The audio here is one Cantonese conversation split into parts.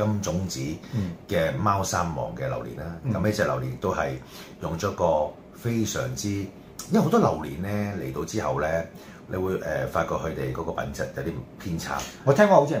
金、嗯、種子嘅貓山王嘅榴蓮啦，咁呢、嗯、隻榴蓮都係用咗一個非常之，因為好多榴蓮咧嚟到之後咧，你會誒、呃、發覺佢哋嗰個品質有啲偏差。我聽過好似係。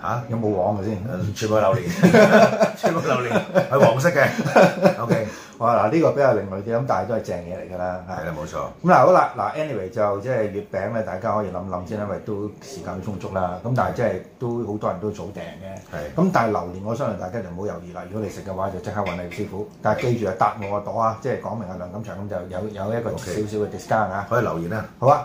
嚇，有冇黃嘅先？全部係榴蓮，全部榴蓮係黃色嘅。OK，我話嗱呢個比較另類啲，咁但係都係正嘢嚟㗎啦。係啦，冇錯。咁嗱好啦，嗱 anyway 就即係月餅咧，大家可以諗諗先，因為都時間都充足啦。咁但係即係都好多人都早訂嘅。係。咁但係榴蓮，我相信大家就唔好猶豫啦。如果你食嘅話，就即刻揾你師傅。但係記住啊，搭我個朵啊，即係講明阿梁錦祥咁就有有一個少少嘅 discount 啊，可以留言啊，好啊。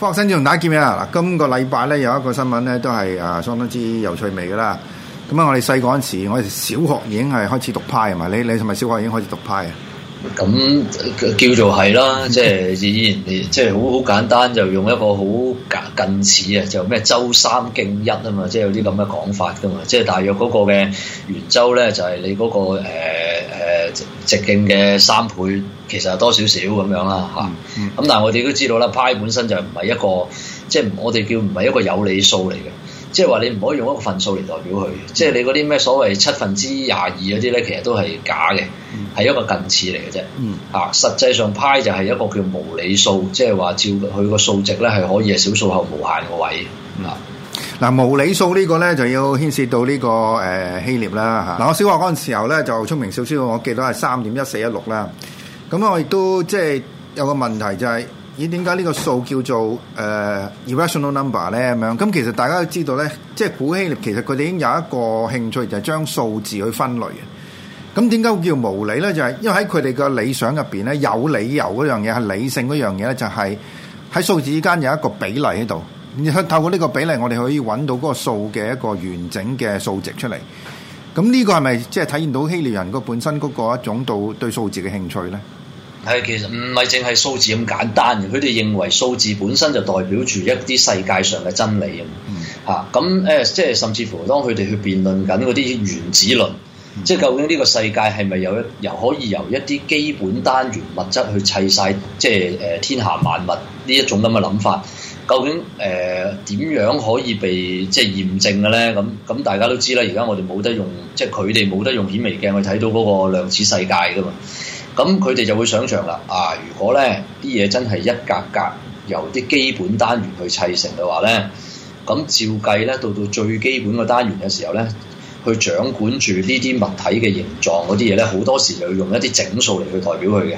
科學新知同大家見面啊？嗱，今個禮拜咧，有一個新聞咧都係啊相當之有趣味噶啦。咁啊，我哋細個嗰陣時，我哋小學已經係開始讀派啊嘛。你你係咪小學已經開始讀派啊？咁、嗯、 叫做係啦，即係依然，即係好好簡單，就用一個好近似啊，就咩周三徑一啊嘛，即係有啲咁嘅講法噶嘛，即係大約嗰個嘅圓周咧就係、是、你嗰、那個誒。呃直徑嘅三倍其實係多少少咁樣啦嚇，咁、嗯嗯、但係我哋都知道啦，嗯、派本身就唔係一個，即、就、係、係、我哋叫唔係一個有理數嚟嘅，即係話你唔可以用一個分數嚟代表佢，即係、嗯、你嗰啲咩所謂七分之廿二嗰啲咧，其實都係假嘅，係、嗯、一個近似嚟嘅啫。嗯、啊，實際上派就係一個叫無理數，即係話照佢個數值咧係可以係小數後無限個位啊。嗯嗯嗱，無理數個呢個咧就要牽涉到呢、這個誒、呃、希臘啦嚇。嗱、啊、我小學嗰陣時候咧就聰明少少，我記得係三點一四一六啦。咁我亦都即係有個問題就係咦點解呢個數叫做誒、呃、irrational number 咧咁樣？咁其實大家都知道咧，即係古希臘其實佢哋已經有一個興趣就係將數字去分類嘅。咁點解會叫無理咧？就係、是、因為喺佢哋嘅理想入邊咧，有理由嗰樣嘢係理性嗰樣嘢咧，就係、是、喺數字之間有一個比例喺度。透過呢個比例，我哋可以揾到嗰個數嘅一個完整嘅數值出嚟。咁呢個係咪即係體現到希臘人個本身嗰個一種到對數字嘅興趣咧？係其實唔係淨係數字咁簡單，佢哋認為數字本身就代表住一啲世界上嘅真理。嚇咁誒，即係甚至乎當佢哋去辯論緊嗰啲原子論，嗯、即係究竟呢個世界係咪由一由可以由一啲基本單元物質去砌晒，即係誒、呃、天下萬物呢一種咁嘅諗法。究竟誒點、呃、樣可以被即係驗證嘅咧？咁咁大家都知啦。而家我哋冇得用，即係佢哋冇得用顯微鏡去睇到嗰個量子世界噶嘛。咁佢哋就會想像啦。啊，如果咧啲嘢真係一格格由啲基本單元去砌成嘅話咧，咁照計咧到到最基本嘅單元嘅時候咧，去掌管住呢啲物體嘅形狀嗰啲嘢咧，好多時就要用一啲整數嚟去代表佢嘅。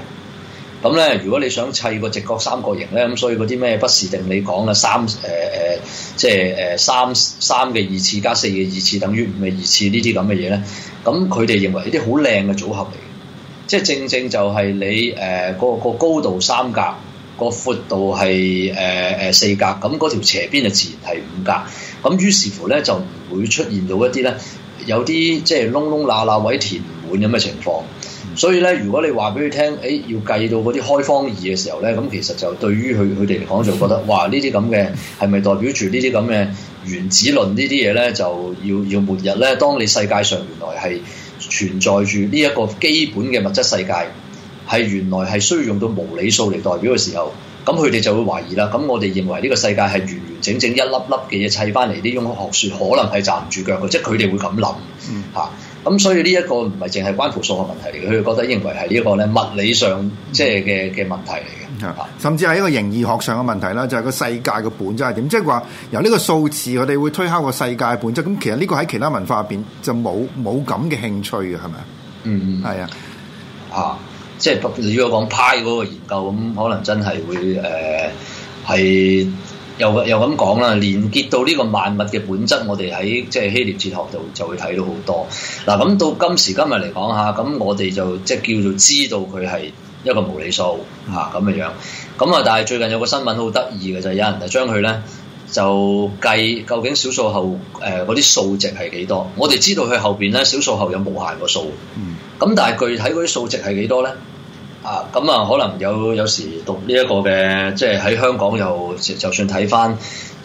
咁咧，如果你想砌個直角三角形咧，咁所以嗰啲咩畢氏定理講嘅三誒誒、呃，即係誒三三嘅二次加四嘅二次等於五嘅二次呢啲咁嘅嘢咧，咁佢哋認為呢啲好靚嘅組合嚟嘅，即係正正就係你誒、呃嗰個、嗰個高度三格，嗰個闊度係誒誒四格，咁嗰條斜邊就自然係五格，咁於是乎咧就唔會出現到一啲咧。有啲即係窿窿罅罅位填滿咁嘅情況，所以咧，如果你話俾佢聽，誒、哎、要計到嗰啲開方二嘅時候咧，咁其實就對於佢佢哋嚟講就覺得，哇！呢啲咁嘅係咪代表住呢啲咁嘅原子論呢啲嘢咧，就要要末日咧？當你世界上原來係存在住呢一個基本嘅物質世界，係原來係需要用到無理數嚟代表嘅時候。咁佢哋就會懷疑啦。咁我哋認為呢個世界係完完整整一粒粒嘅嘢砌翻嚟，啲呢種學説可能係站唔住腳嘅，即係佢哋會咁諗嚇。咁、嗯啊、所以呢一個唔係淨係關乎數學問題嚟嘅，佢哋覺得認為係呢一個咧物理上即係嘅嘅問題嚟嘅、嗯啊、甚至係一個形意學上嘅問題啦。就係、是、個世界嘅本質係點，即係話由呢個數字佢哋會推敲個世界嘅本質。咁其實呢個喺其他文化入邊就冇冇咁嘅興趣嘅，係咪、嗯、是啊？嗯，係啊，嚇。即係如果講派嗰個研究咁，可能真係會誒係、呃、又又咁講啦，連結到呢個萬物嘅本質，我哋喺即係希臘哲學度就會睇到好多。嗱，咁到今時今日嚟講吓，咁、啊、我哋就即係叫做知道佢係一個無理數吓咁嘅樣。咁啊，但係最近有個新聞好得意嘅就係、是、有人就將佢咧。就計究竟小數後誒嗰啲數值係幾多？我哋知道佢後邊咧小數後有無限個數嘅，咁但係具體嗰啲數值係幾多咧？啊，咁、嗯、啊，可能有有時讀呢一個嘅，即係喺香港又就算睇返。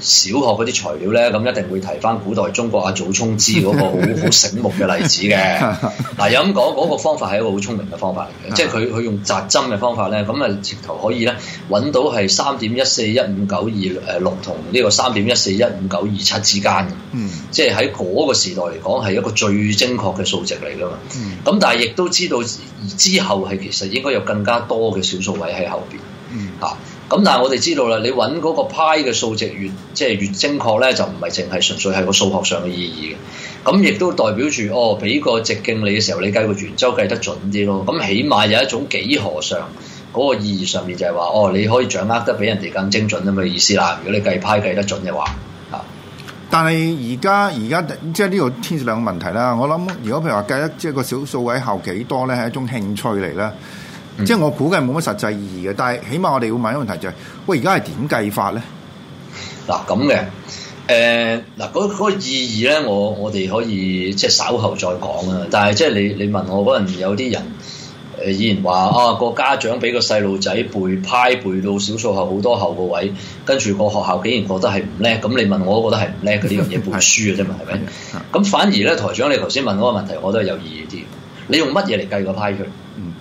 小學嗰啲材料咧，咁一定會提翻古代中國阿祖沖之嗰個好好 醒目嘅例子嘅。嗱，有咁講，嗰個方法係一個好聰明嘅方法嚟嘅， 即係佢佢用扎針嘅方法咧，咁啊直頭可以咧揾到係三點一四一五九二誒六同呢個三點一四一五九二七之間嘅。嗯， 即係喺嗰個時代嚟講係一個最精確嘅數值嚟㗎嘛。嗯，咁但係亦都知道，之後係其實應該有更加多嘅小數位喺後邊。嗯，嚇。咁但係我哋知道啦，你揾嗰個派嘅數值越即係越精確咧，就唔係淨係純粹係個數學上嘅意義嘅。咁亦都代表住哦，畀個直徑你嘅時候，你計個圓周計得準啲咯。咁起碼有一種幾何上嗰個意義上面就係話哦，你可以掌握得比人哋更精準啊嘛意思啦。如果你計派計得準嘅話啊，但係而家而家即係呢個天數兩個問題啦。我諗如果譬如話計一即係個小數位後幾多咧，係一種興趣嚟啦。即係我估計冇乜實際意義嘅，但係起碼我哋要問一個問題就係、係：喂，而家係點計法咧？嗱咁嘅，誒嗱嗰個意義咧，我我哋可以即係稍後再講啊。但係即係你你問我嗰陣有啲人誒、呃、依然話啊，個家長俾個細路仔背派背，背到小數後好多後個位，跟住個學校竟然覺得係唔叻，咁你問我都覺得係唔叻。佢呢樣嘢背書嘅啫嘛，係咪？ 咁反而咧，台長你頭先問嗰個問題，我都係有意義啲。你用乜嘢嚟計個派出？嗯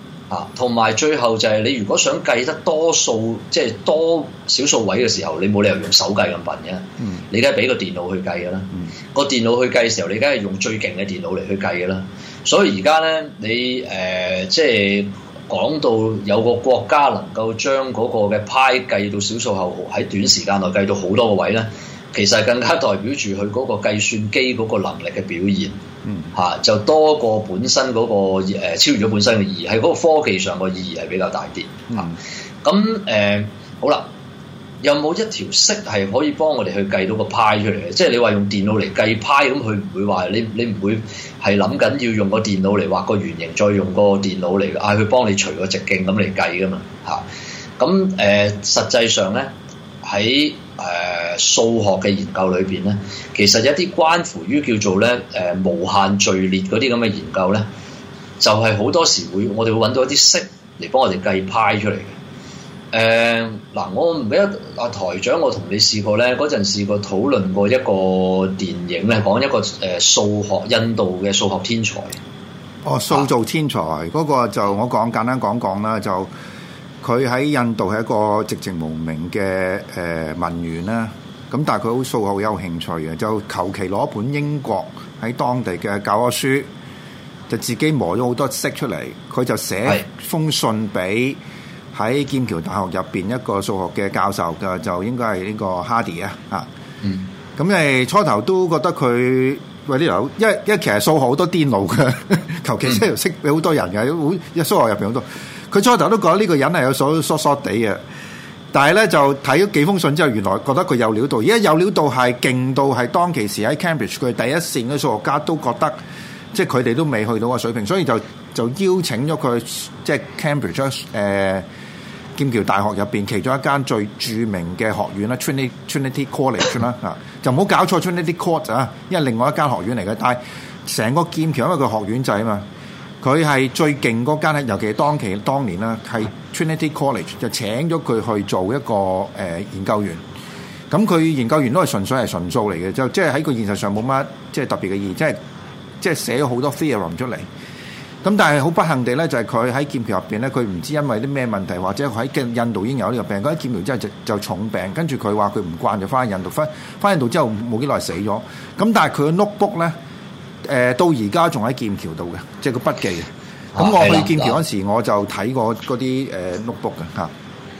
同埋最後就係你如果想計得多數，即係多小數位嘅時候，你冇理由用手計咁笨嘅。你梗係俾個電腦去計嘅啦。嗯、個電腦去計嘅時候，你梗係用最勁嘅電腦嚟去計嘅啦。所以而家咧，你誒、呃、即係講到有個國家能夠將嗰個嘅派計到小數後喺短時間內計到好多個位咧。其實更加代表住佢嗰個計算機嗰個能力嘅表現，嗯、啊，嚇就多過本身嗰、嗰個、呃、超越咗本身嘅意義，係嗰個科技上個意義係比較大啲，嚇咁誒好啦，有冇一條式係可以幫我哋去計到個派出嚟嘅？即係你話用電腦嚟計派，咁佢唔會話你你唔會係諗緊要用個電腦嚟畫個圓形，再用個電腦嚟嗌佢幫你除個直徑咁嚟計㗎嘛嚇？咁、啊、誒、呃、實際上呢喺誒。數學嘅研究裏邊呢，其實有一啲關乎於叫做咧，誒無限序列嗰啲咁嘅研究呢，就係、是、好多時會我哋會揾到一啲式嚟幫我哋計派出嚟嘅。誒，嗱，我唔記得啊，台長我，我同你試過呢嗰陣試過討論過一個電影咧，講一個誒數學印度嘅數學天才。哦，數造天才嗰、啊、個就我講簡單講講啦，就。佢喺印度係一個籍籍無名嘅誒、呃、文員啦，咁但係佢好數學有興趣嘅，就求其攞一本英國喺當地嘅教科書，就自己磨咗好多式出嚟。佢就寫封信俾喺劍橋大學入邊一個數學嘅教授嘅，就應該係呢個 Hardy 啊，嚇。嗯，咁誒初頭都覺得佢喂呢度，因為因為其實數學好多癲佬嘅，求其識識俾好多人嘅，好一、嗯、數學入邊好多。佢初頭都覺得呢個人係有所疏疏地嘅，但係咧就睇咗幾封信之後，原來覺得佢有料到。而家有料到係勁到係當其時喺 Cambridge，佢第一線嘅數學家都覺得，即係佢哋都未去到個水平，所以就就邀請咗佢，即係 Cambridge 誒、呃、劍橋大學入邊其中一間最著名嘅學院啦，Trinity Trinity College 啦， 啊就唔好搞錯 Trinity Court 啊，因為另外一間學院嚟嘅。但係成個劍橋因為佢學院制啊嘛。佢係最勁嗰間咧，尤其係當期當年啦，係 Trinity College 就請咗佢去做一個誒、呃、研究員。咁佢研究員都係純粹係純數嚟嘅，就即係喺個現實上冇乜即係特別嘅意義，即係即係寫咗好多 theorem 出嚟。咁但係好不幸地咧，就係佢喺劍橋入邊咧，佢唔知因為啲咩問題，或者佢喺印度已經有呢個病，佢喺劍橋之後就就重病，跟住佢話佢唔慣就翻去印度，翻翻印度之後冇幾耐死咗。咁但係佢嘅 notebook 咧。誒到而家仲喺劍橋度嘅，即係個筆記。咁、啊、我去劍橋嗰時，啊、我就睇過嗰啲誒 notebook 嘅嚇。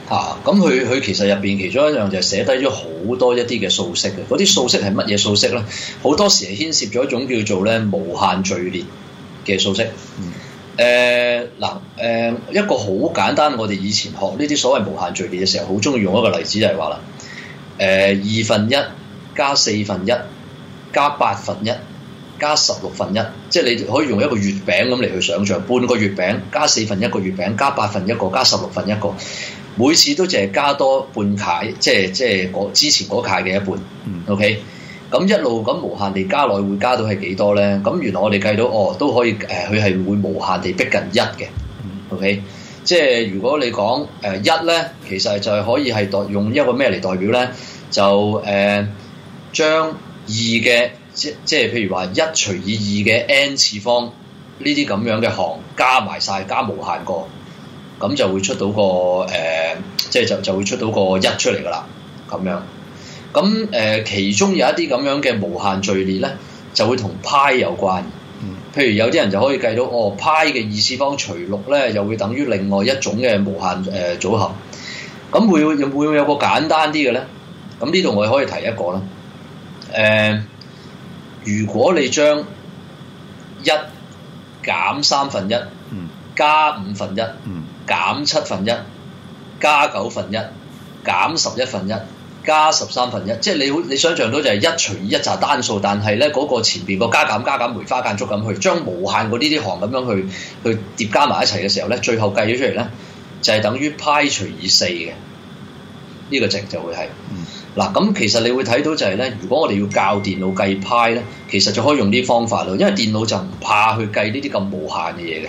啊，咁佢佢其實入邊其中一樣就係寫低咗好多一啲嘅數式嘅。嗰啲數式係乜嘢數式咧？好多時係牽涉咗一種叫做咧無限序列嘅數式。誒嗱誒，一個好簡單，我哋以前學呢啲所謂無限序列嘅時候，好中意用一個例子就係話啦，誒、啊、二分一加四分一加八分一。加十六分一，即係你可以用一個月餅咁嚟去想象，半個月餅加四分一個月餅，加八分一個，加十六分一個，每次都淨係加多半塊，即係即係我之前嗰塊嘅一半。O K，咁一路咁無限地加落去，會會加到係幾多咧？咁原來我哋計到哦，都可以誒，佢係會無限地逼近一嘅。OK，嗯，即係如果你講誒一咧，其實就係可以係代用一個咩嚟代表咧，就誒將二嘅。呃即即係譬如話一除以二嘅 n 次方呢啲咁樣嘅項加埋晒加無限個，咁就會出到個誒、呃，即係就就會出到個一出嚟噶啦，咁樣。咁誒、呃、其中有一啲咁樣嘅無限序列咧，就會同派有關。譬如有啲人就可以計到哦，派嘅二次方除六咧，又會等於另外一種嘅無限誒、呃、組合。咁會會唔會有個簡單啲嘅咧？咁呢度我可以提一個啦，誒、呃。如果你將一減三分一，嗯，加五分一，嗯，減七分一，加九分一，減十一分一，加十三分一，即係你你想象到就係一除以一扎單數，但係咧嗰個前邊個加減加減梅花間竹咁去，將無限嗰呢啲項咁樣去去疊加埋一齊嘅時候咧，最後計咗出嚟咧，就係、是、等於派除以四嘅呢個值就會係。嗯。嗱，咁其實你會睇到就係咧，如果我哋要教電腦計派咧，其實就可以用啲方法咯，因為電腦就唔怕去計呢啲咁無限嘅嘢嘅，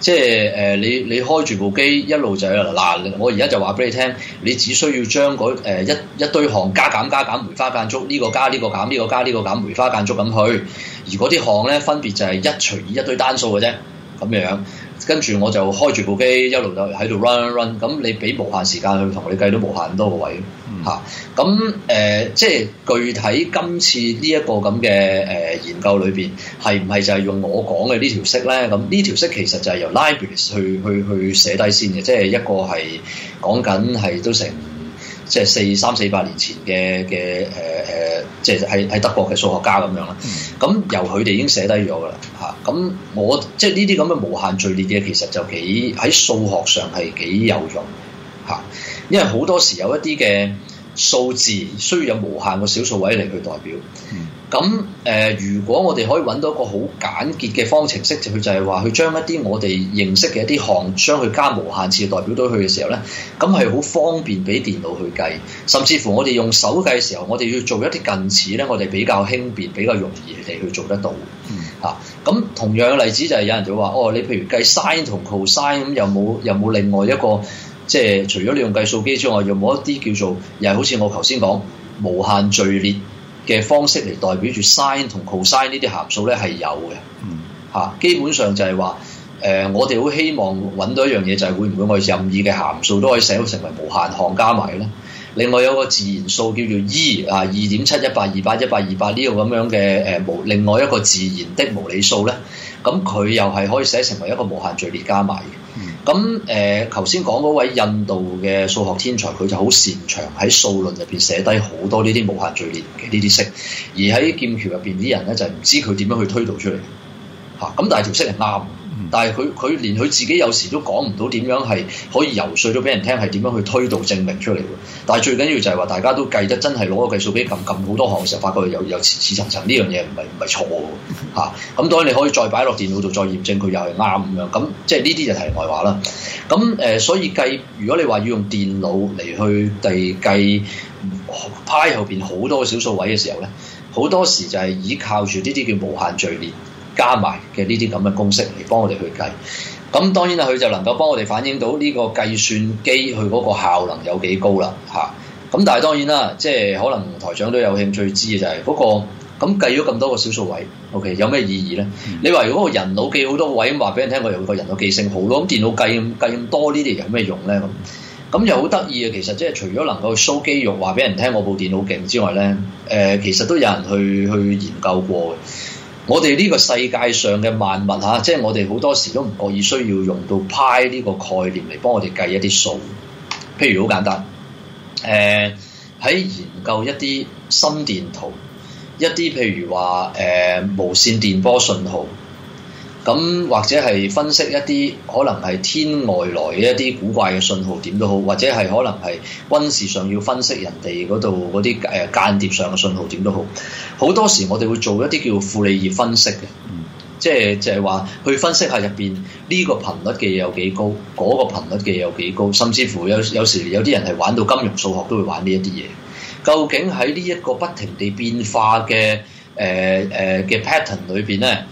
即係誒、呃、你你開住部機一路就係啦，嗱、呃、我而家就話俾你聽，你只需要將嗰、呃、一一堆項加減加減梅花間竹呢、呢個加呢個減呢、呢個加呢個，個，個減梅花間竹咁去，而嗰啲項咧分別就係一除以一堆單數嘅啫，咁樣。跟住我就開住部機，一路就喺度 run run, run。咁你俾無限時間去同你計，都無限多個位。嚇、嗯！咁誒、啊呃，即係具體今次呢一個咁嘅誒研究裏邊，係唔係就係用我講嘅呢條式咧？咁呢條式其實就係由 Leibniz 去去去寫低先嘅，即係一個係講緊係都成即係四三四百年前嘅嘅誒即係喺喺德國嘅數學家咁樣啦，咁、嗯、由佢哋已經寫低咗噶啦，吓，咁我即係呢啲咁嘅無限序列嘅，其實就幾喺數學上係幾有用吓，因為好多時有一啲嘅。數字需要有無限個小數位嚟去代表。咁誒、呃，如果我哋可以揾到一個好簡潔嘅方程式，就佢、是、就係話，去將一啲我哋認識嘅一啲項，將佢加無限次代表到去嘅時候呢，咁係好方便俾電腦去計。甚至乎我哋用手計嘅時候，我哋要做一啲近似呢，我哋比較輕便、比較容易地去做得到。嗯、啊，咁同樣嘅例子就係有人就會話：哦，你譬如計 sin 同 cosine 咁，有冇有冇另外一個。即係除咗你用計數機之外，有冇一啲叫做又係好似我頭先講無限序列嘅方式嚟代表住 sin 同 cosine 呢啲函數咧，係有嘅。嗯，嚇，基本上就係話誒，我哋好希望揾到一樣嘢就係、是、會唔會我任意嘅函數都可以寫成為無限項加埋嘅咧。另外有個自然數叫做 e 啊，二點七一八二八一八二八呢個咁樣嘅誒無，另外一個自然的無理數咧，咁佢又係可以寫成為一個無限序列加埋嘅。咁誒，頭先講嗰位印度嘅數學天才，佢就好擅長喺數論入邊寫低好多呢啲無限序列嘅呢啲式，而喺劍橋入邊啲人咧就係唔知佢點樣去推導出嚟嚇，咁，啊，但係條式係啱。但係佢佢連佢自己有時都講唔到點樣係可以游説到俾人聽係點樣去推導證明出嚟㗎。但係最緊要就係話大家都計得真係攞個計數機撳撳好多行嘅時候，發覺有又似層層呢樣嘢唔係唔係錯㗎咁、啊、當然你可以再擺落電腦度再驗證佢又係啱咁樣。咁即係呢啲就題外話啦。咁誒、呃，所以計如果你話要用電腦嚟去第計派後邊好多小數位嘅時候咧，好多時就係依靠住呢啲叫無限序列。加埋嘅呢啲咁嘅公式嚟幫我哋去計，咁當然啦、啊，佢就能夠幫我哋反映到呢個計算機佢嗰個效能有幾高啦，嚇、啊。咁但係當然啦、啊，即係可能台長都有興趣知嘅就係嗰、那個咁計咗咁多個小數位，OK，有咩意義咧？嗯、你話如果個人腦記好多位，咁話俾人聽，我人個人腦記性好咯，咁電腦計計咁多呢啲有咩用咧？咁咁又好得意啊！其實即係除咗能夠 show 肌肉，話俾人聽我部電腦勁之外咧，誒、呃，其實都有人去去研究過嘅。我哋呢個世界上嘅萬物吓，即係我哋好多時都唔覺意需要用到派呢個概念嚟幫我哋計一啲數。譬如好簡單，誒、呃、喺研究一啲心電圖，一啲譬如話誒、呃、無線電波信號。咁或者係分析一啲可能係天外來一啲古怪嘅信號點都好，或者係可能係軍事上要分析人哋嗰度嗰啲誒間諜上嘅信號點都好。好多時我哋會做一啲叫傅利葉分析嘅，即係就係話去分析下入邊呢個頻率嘅有幾高，嗰個頻率嘅有幾高，甚至乎有有時有啲人係玩到金融數學都會玩呢一啲嘢。究竟喺呢一個不停地變化嘅誒誒嘅 pattern 裏邊咧？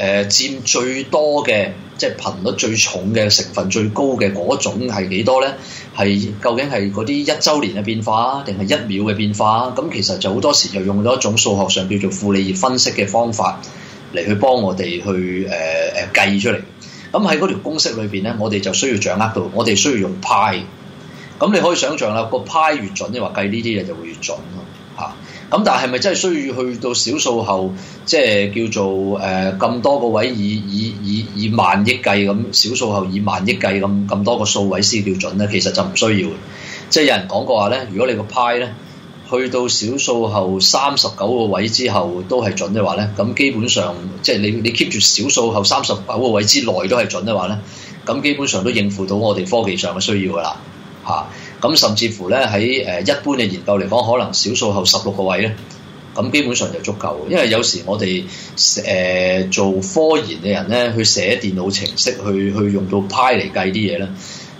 誒佔最多嘅，即係頻率最重嘅成分最高嘅嗰種係幾多咧？係究竟係嗰啲一周年嘅變化，定係一秒嘅變化啊？咁其實就好多時就用咗一種數學上叫做傅利葉分析嘅方法嚟去幫我哋去誒誒計出嚟。咁喺嗰條公式裏邊咧，我哋就需要掌握到，我哋需要用派。咁你可以想象啦，個派越準，你話計呢啲嘢就會越準咯。嚇！咁、啊、但係咪真係需要去到小數後，即、就、係、是、叫做誒咁、呃、多個位以以以以萬億計咁、嗯，小數後以萬億計咁咁、嗯、多個數位先叫準咧？其實就唔需要嘅。即係、就是、有人講過話咧，如果你個派咧去到小數後三十九個位之後都係準嘅話咧，咁基本上即係、就是、你你 keep 住小數後三十九個位之內都係準嘅話咧，咁基本上都應付到我哋科技上嘅需要㗎啦，嚇、啊！咁甚至乎咧，喺誒一般嘅研究嚟講，可能小數後十六個位咧，咁基本上就足夠。因為有時我哋誒、呃、做科研嘅人咧，去寫電腦程式，去去用到派嚟計啲嘢咧，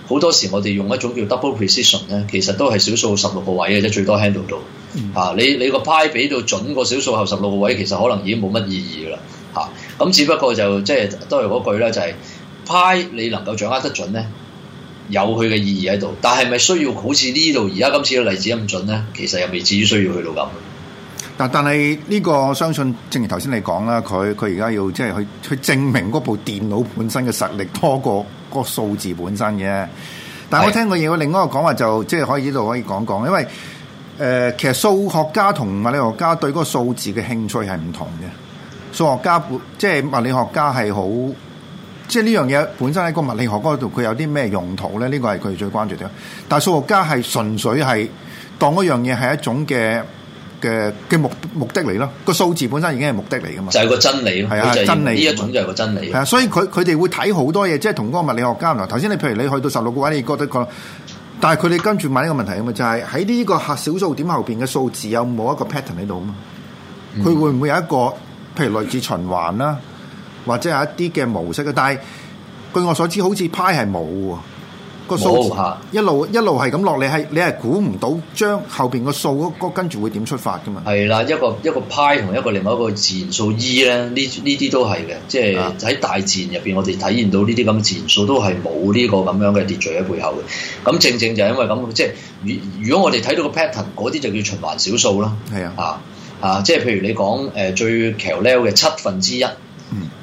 好多時我哋用一種叫 double precision 咧，其實都係小數十六個位嘅啫，最多 handle 到。嗯、啊，你你個派俾到準個小數後十六個位，其實可能已經冇乜意義啦。嚇、啊，咁只不過就即係都係嗰句啦，就係派你能夠掌握得準咧。有佢嘅意義喺度，但係咪需要好似呢度而家今次嘅例子咁準咧？其實又未至於需要去到咁。嗱，但係呢個我相信，正如頭先你講啦，佢佢而家要即係去去證明嗰部電腦本身嘅實力多過嗰個數字本身嘅。但係我聽過嘢，另外一個講話就即係可以呢度可以講講，因為誒其實數學家同物理學家對嗰個數字嘅興趣係唔同嘅。數學家即係物理學家係好。即係呢樣嘢本身喺個物理學嗰度，佢有啲咩用途咧？呢個係佢哋最關注嘅。但係數學家係純粹係當一樣嘢係一種嘅嘅嘅目目的嚟咯。個數字本身已經係目的嚟㗎嘛。就係個真理咯，係啊，真理呢一種就係個真理。係啊，所以佢佢哋會睇好多嘢，即係同個物理學家唔同。頭先你譬如你去到十六個位，你覺得講，但係佢哋跟住問一個問題啊嘛，就係喺呢個小數點後邊嘅數字有冇一個 pattern 喺度啊嘛？佢會唔會有一個譬如類似循環啦？或者係一啲嘅模式嘅，但係據我所知，好似派係冇個數字一路有一路係咁落，你係你係估唔到將面，將後邊個數嗰個跟住會點出發嘅嘛？係啦，一個一個派同一個另外一個自然數 e 咧，呢呢啲都係嘅，即係喺大面這這自然入邊，我哋體驗到呢啲咁嘅自然數都係冇呢個咁樣嘅秩序喺背後嘅。咁正正就係因為咁，即係如如果我哋睇到個 pattern，嗰啲就叫循環小數啦。係的啊，啊啊，即係譬如你講誒、呃、最 p a l 嘅七分之一。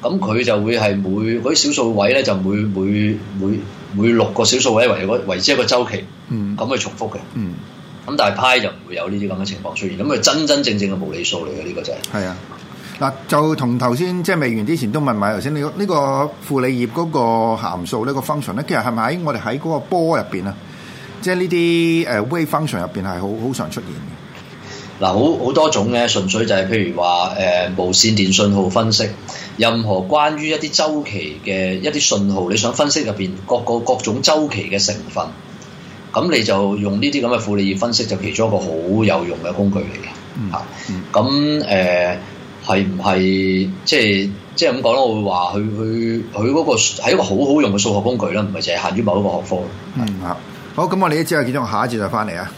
咁佢、嗯、就會係每嗰啲小數位咧，就每每每每六個小數位為一為之一個週期，咁、嗯、去重複嘅。咁、嗯、但係 π 就唔會有呢啲咁嘅情況出現。咁佢真真正正嘅無理數嚟嘅呢個就係、是。係啊，嗱就同頭先即係未完之前都問埋頭先，你呢個傅里葉嗰個函數呢個 function 咧，其實係咪我哋喺嗰個波入邊啊？即係呢啲誒 wave function 入邊係好好常出現嘅？嗱，好好多種咧，純粹就係譬如話，誒、呃、無線電信號分析，任何關於一啲周期嘅一啲信號，你想分析入邊各個各種周期嘅成分，咁你就用呢啲咁嘅傅利葉分析就其中一個好有用嘅工具嚟嘅，嚇、嗯。咁誒係唔係即係即係咁講咧？我會話佢佢佢嗰個係一個好好用嘅數學工具啦，唔係淨係限於某一個學科。嗯，好。好，咁我哋一節啊結束，下一節就翻嚟啊。